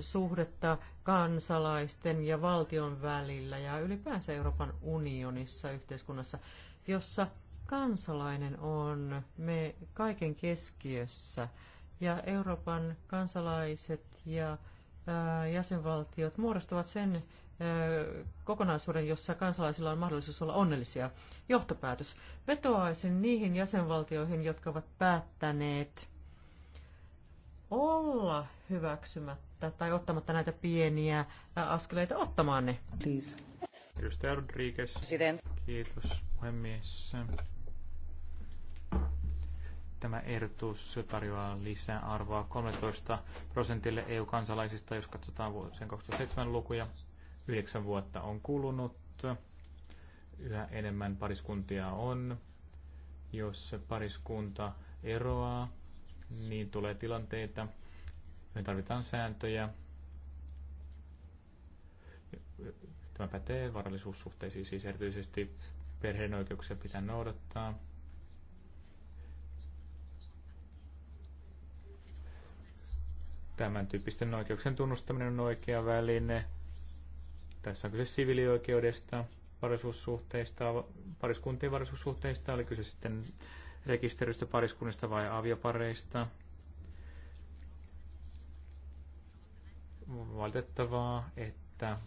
S2: suhdetta kansalaisten ja valtion välillä ja ylipäänsä Euroopan unionissa yhteiskunnassa, jossa kansalainen on me kaiken keskiössä ja Euroopan kansalaiset ja jäsenvaltiot muodostavat sen kokonaisuuden, jossa kansalaisilla on mahdollisuus olla onnellisia. Johtopäätös. Vetoaisin niihin jäsenvaltioihin, jotka ovat päättäneet olla hyväksymättä jättämättä tai ottamatta näitä pieniä askeleita ottamaan ne. Please. Edustaja
S1: Rodriguez. Siten. Kiitos, puhemies. Tämä ehdotus tarjoaa lisää arvoa 13 prosentille EU-kansalaisista, jos katsotaan vuosien 2007 lukuja. Yhdeksän vuotta on kulunut. Yhä enemmän pariskuntia on. Jos pariskunta eroaa, niin tulee tilanteita, me tarvitaan sääntöjä. Tämä pätee varallisuussuhteisiin, siis erityisesti perheen oikeuksia pitää noudattaa. Tämän tyyppisten oikeuksien tunnustaminen on oikea väline. Tässä on kyse siviilioikeudesta, varallisuussuhteista, pariskuntien varallisuussuhteista, oli kyse sitten rekisteröistä pariskunnista vai aviopareista – valitettavaa, että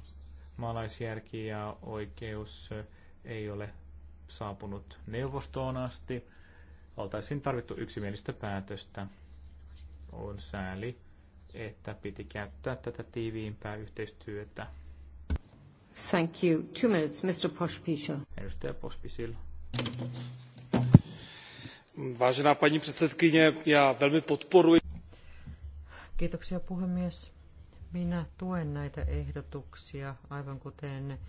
S1: maalaisjärki ja oikeus ei ole saapunut neuvostoon asti. Oltaisiin tarvittu yksimielistä päätöstä. On sääli, että piti käyttää tätä tiiviimpää yhteistyötä.
S2: Thank you. Two minutes, Mr. Pospisil.
S1: Edustaja Pospisil. Vážená paní předsedkyně, já velmi podporuji.
S2: Kiitoksia puhemies. Minä tuen näitä ehdotuksia, aivan kuten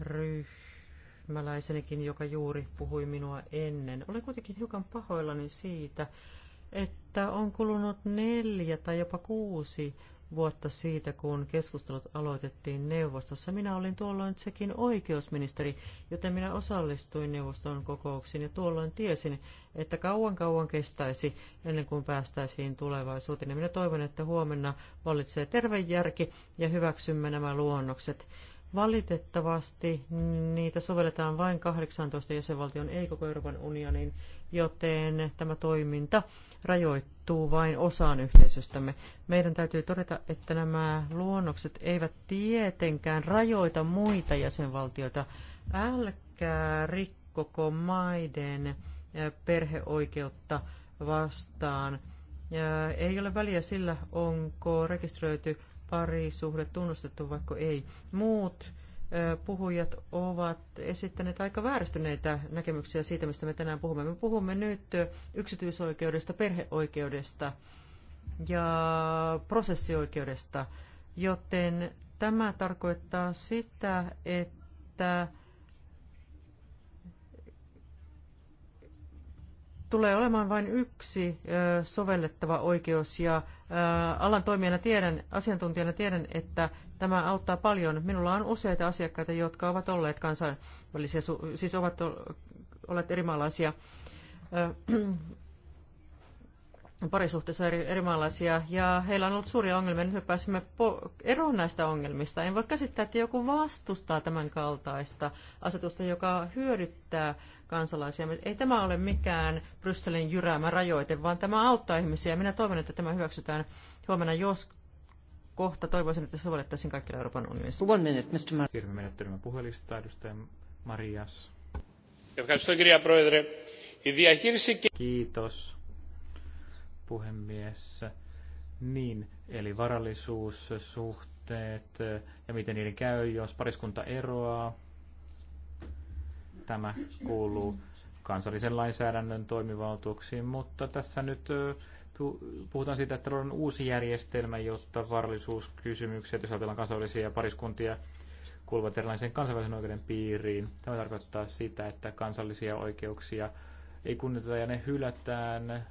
S2: ryhmäläisenikin, joka juuri puhui minua ennen. Olen kuitenkin hiukan pahoillani siitä, että on kulunut neljä tai jopa kuusi vuotta siitä, kun keskustelut aloitettiin neuvostossa. Minä olin tuolloin sekin oikeusministeri, joten minä osallistuin neuvoston kokouksiin ja tuolloin tiesin, että kauan kauan kestäisi ennen kuin päästäisiin tulevaisuuteen. Ja minä toivon, että huomenna vallitsee terve järki ja hyväksymme nämä luonnokset. Valitettavasti niitä sovelletaan vain 18 jäsenvaltion, ei koko Euroopan unionin, joten tämä toiminta rajoittuu vain osaan yhteisöstämme. Meidän täytyy todeta, että nämä luonnokset eivät tietenkään rajoita muita jäsenvaltioita. Älkää rikkoko maiden eh, perheoikeutta vastaan. Ei ole väliä sillä, onko rekisteröity parisuhde tunnustettu, vaikka ei. Muut puhujat ovat esittäneet aika vääristyneitä näkemyksiä siitä, mistä me tänään puhumme. Me puhumme nyt yksityisoikeudesta, perheoikeudesta ja prosessioikeudesta, joten tämä tarkoittaa sitä, että tulee olemaan vain yksi sovellettava oikeus ja alan toimijana tiedän, asiantuntijana tiedän, että tämä auttaa paljon. Minulla on useita asiakkaita, jotka ovat olleet kansainvälisiä, siis ovat olleet erimaalaisia parisuhteessa eri, erimaalaisia ja heillä on ollut suuria ongelmia. Nyt me pääsimme eroon näistä ongelmista. En voi käsittää, että joku vastustaa tämän kaltaista asetusta, joka hyödyttää kansalaisia. Ei tämä ole mikään Brysselin jyräämä rajoite, vaan tämä auttaa ihmisiä. Minä toivon, että tämä hyväksytään huomenna, jos
S1: kohta toivoisin, että se sovellettaisiin kaikille Euroopan unionissa. One minute, Mr. Mar- Siirrymme menettelemään puhelistaa, edustaja Marias. Kiitos puhemies. Niin, eli varallisuus, suhteet eh, ja miten niiden käy, jos pariskunta eroaa. Tämä kuuluu kansallisen lainsäädännön toimivaltuuksiin, mutta tässä nyt eh, puhutaan siitä, että on uusi järjestelmä, jotta varallisuuskysymykset, jos ajatellaan kansainvälisiä pariskuntia, kuuluvat erilaisen kansainvälisen oikeuden piiriin. Tämä tarkoittaa sitä, että kansallisia oikeuksia ei kunnioiteta ja ne hylätään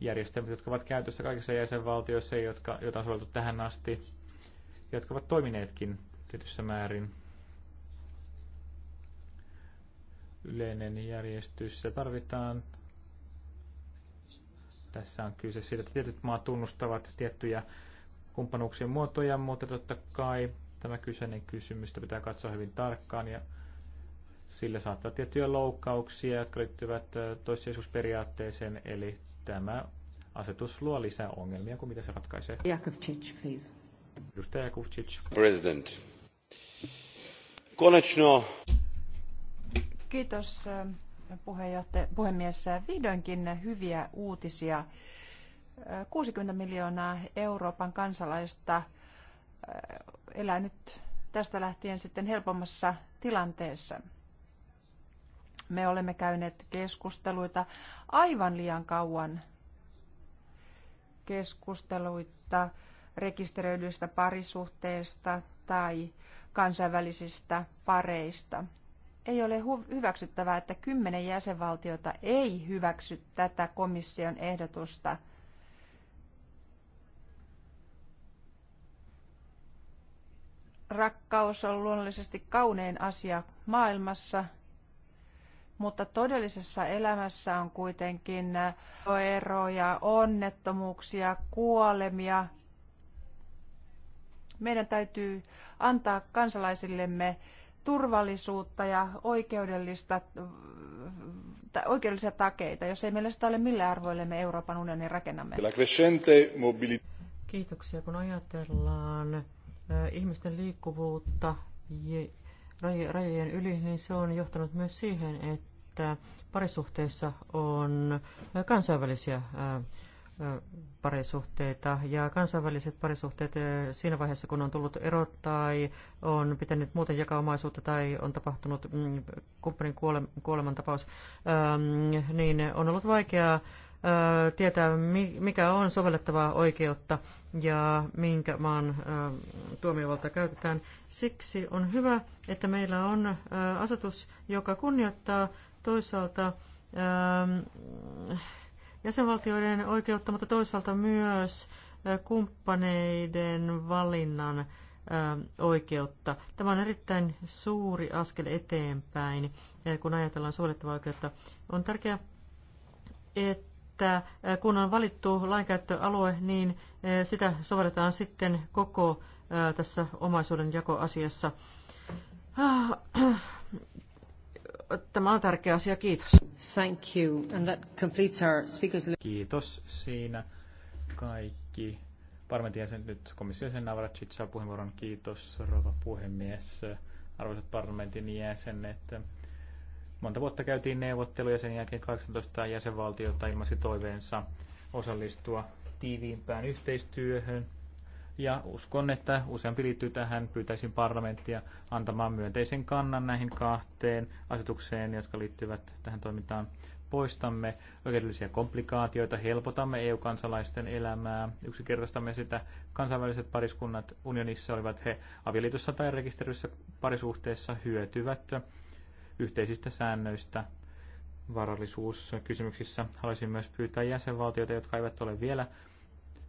S1: järjestelmät, jotka ovat käytössä kaikissa jäsenvaltioissa, jotka, joita on soveltu tähän asti, jotka ovat toimineetkin tietyssä määrin. Yleinen järjestys, se tarvitaan. Tässä on kyse siitä, että tietyt maat tunnustavat tiettyjä kumppanuuksien muotoja, mutta totta kai tämä kyseinen kysymys pitää katsoa hyvin tarkkaan ja sillä saattaa tiettyjä loukkauksia, jotka liittyvät toissijaisuusperiaatteeseen, eli tämä asetus luo lisää ongelmia kuin mitä se ratkaisee. Jakovčić, please. Edustaja Jakovčić. President. Konečno.
S3: Kiitos eh, puhemies. Vihdoinkin hyviä uutisia. 60 eh, miljoonaa Euroopan kansalaista eh, elää nyt tästä lähtien sitten helpommassa tilanteessa. Me olemme käyneet keskusteluita aivan liian kauan keskusteluita rekisteröidyistä parisuhteista tai kansainvälisistä pareista. Ei ole hyväksyttävää, että kymmenen jäsenvaltiota ei hyväksy tätä komission ehdotusta. Rakkaus on luonnollisesti kaunein asia maailmassa, mutta todellisessa elämässä on kuitenkin äh, eroja, onnettomuuksia, kuolemia. Meidän täytyy antaa kansalaisillemme turvallisuutta ja oikeudellista, äh, oikeudellisia takeita. Jos ei meillä sitä ole, millä arvoille me Euroopan unionin rakennamme? Kiitoksia, kun
S2: ajatellaan äh, ihmisten liikkuvuutta rajojen yli, niin se on johtanut myös siihen, että parisuhteissa on kansainvälisiä parisuhteita ja kansainväliset parisuhteet siinä vaiheessa, kun on tullut ero tai on pitänyt muuten jakaa omaisuutta tai on tapahtunut mm, kumppanin kuoleman tapaus, mm, niin on ollut vaikeaa tietää, mikä on sovellettavaa oikeutta ja minkä maan tuomiovalta käytetään. Siksi on hyvä, että meillä on asetus, joka kunnioittaa toisaalta jäsenvaltioiden oikeutta, mutta toisaalta myös kumppaneiden valinnan oikeutta. Tämä on erittäin suuri askel eteenpäin, kun ajatellaan sovellettavaa oikeutta. On tärkeää, että että kun on valittu lainkäyttöalue, niin sitä sovelletaan sitten koko tässä omaisuuden jakoasiassa. Ah,
S1: tämä on tärkeä asia, kiitos. Thank you. And that completes our speakers. Kiitos siinä kaikki. Parlamentin jäsen nyt komission jäsen Navratsitsa puheenvuoron. Kiitos, rouva puhemies. Arvoisat parlamentin jäsenet. Monta vuotta käytiin neuvotteluja, sen jälkeen 18 jäsenvaltiota ilmaisi toiveensa osallistua tiiviimpään yhteistyöhön. Ja uskon, että useampi liittyy tähän. Pyytäisin parlamenttia antamaan myönteisen kannan näihin kahteen asetukseen, jotka liittyvät tähän toimintaan. Poistamme oikeudellisia komplikaatioita, helpotamme EU-kansalaisten elämää, yksinkertaistamme sitä. Kansainväliset pariskunnat unionissa olivat he avioliitossa tai rekisteröissä parisuhteessa hyötyvät yhteisistä säännöistä varallisuuskysymyksissä. Haluaisin myös pyytää jäsenvaltioita, jotka eivät ole vielä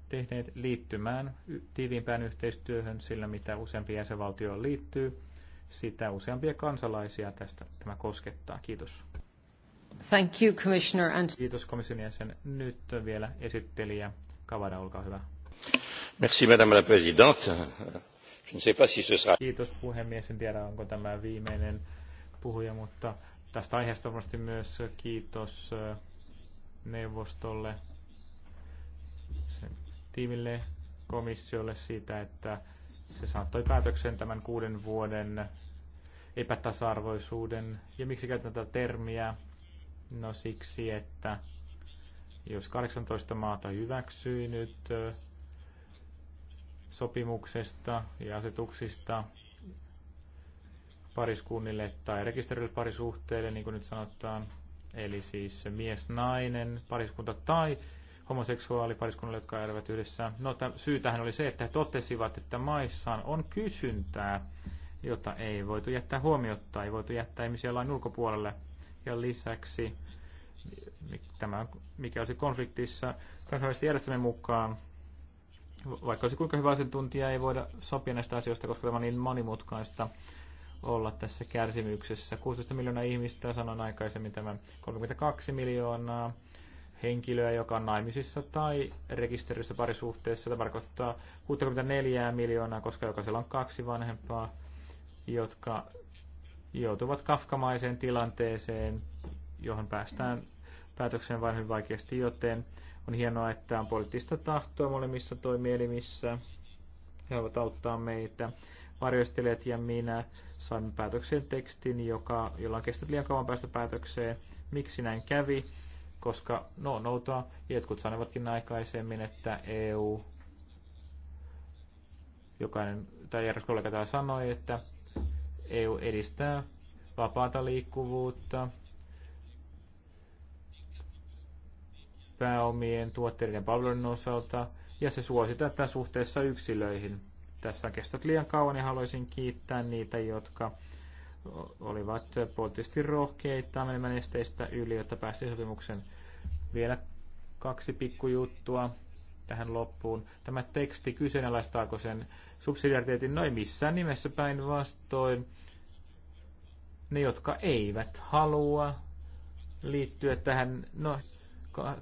S1: tehneet liittymään tiiviimpään yhteistyöhön, sillä mitä useampi jäsenvaltio liittyy, sitä useampia kansalaisia tästä tämä koskettaa. Kiitos. Thank you, Commissioner. And... Kiitos komission jäsen. Nyt vielä esittelijä Kavada, olkaa hyvä. Merci, Madame la Présidente. Je ne sais pas si ce sera... Kiitos puhemies. En tiedä, onko tämä viimeinen puhuja, mutta tästä aiheesta varmasti myös kiitos äh, neuvostolle, sen tiimille, komissiolle siitä, että se saattoi päätöksen tämän kuuden vuoden epätasa-arvoisuuden. Ja miksi käytän tätä termiä? No siksi, että jos 18 maata hyväksyy nyt äh, sopimuksesta ja asetuksista, pariskunnille tai rekisteröidylle parisuhteelle, niin kuin nyt sanotaan. Eli siis mies-nainen pariskunta tai homoseksuaalipariskunnille, jotka elävät yhdessä. No, syy tähän oli se, että he totesivat, että maissaan on kysyntää, jota ei voitu jättää huomiota, ei voitu jättää ihmisiä lain ulkopuolelle. Ja lisäksi tämä, mikä olisi konfliktissa kansainvälisesti järjestelmien mukaan, vaikka olisi kuinka hyvä asiantuntija, ei voida sopia näistä asioista, koska tämä on niin monimutkaista olla tässä kärsimyksessä. 16 miljoonaa ihmistä, sanon aikaisemmin tämä 32 miljoonaa henkilöä, joka on naimisissa tai rekisteröissä parisuhteessa. Tämä tarkoittaa 64 miljoonaa, koska jokaisella on kaksi vanhempaa, jotka joutuvat kafkamaiseen tilanteeseen, johon päästään päätökseen vain hyvin vaikeasti, joten on hienoa, että on poliittista tahtoa molemmissa toimielimissä. He voivat auttaa meitä varjostelijat ja minä saimme päätökseen tekstin, joka, jolla on kestänyt liian kauan päästä päätökseen. Miksi näin kävi? Koska, no nouta, jotkut sanoivatkin aikaisemmin, että EU, jokainen, tai järjeskollega täällä sanoi, että EU edistää vapaata liikkuvuutta, pääomien, tuotteiden ja palveluiden osalta, ja se suosittaa tätä suhteessa yksilöihin – tässä on kestänyt liian kauan ja niin haluaisin kiittää niitä, jotka olivat poliittisesti rohkeita menemään esteistä yli, jotta päästiin sopimuksen vielä kaksi pikkujuttua tähän loppuun. Tämä teksti kyseenalaistaako sen subsidiariteetin noin missään nimessä päinvastoin. Ne, jotka eivät halua liittyä tähän, no,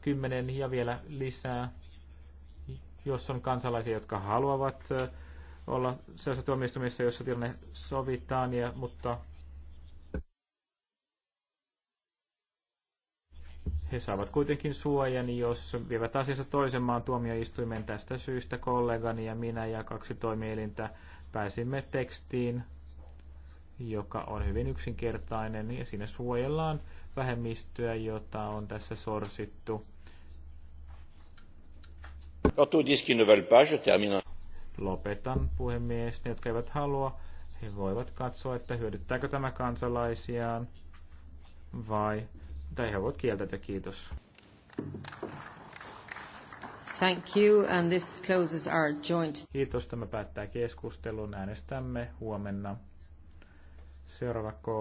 S1: kymmenen ja vielä lisää, jos on kansalaisia, jotka haluavat olla sellaisessa tuomioistumissa, jossa tilanne sovitaan, ja, mutta he saavat kuitenkin suojan, jos vievät asiassa toisen maan tuomioistuimen tästä syystä kollegani ja minä ja kaksi toimielintä pääsimme tekstiin, joka on hyvin yksinkertainen ja siinä suojellaan vähemmistöä, jota on tässä sorsittu. Quant aux disques qui ne veulent pas, je termine. Lopetan puhemies. Ne, jotka eivät halua, he voivat katsoa, että hyödyttääkö tämä kansalaisiaan vai, tai he voivat kieltäytyä. Kiitos. Thank you, and this closes our joint. Kiitos, tämä päättää keskustelun. Äänestämme huomenna. Seuraava kohta.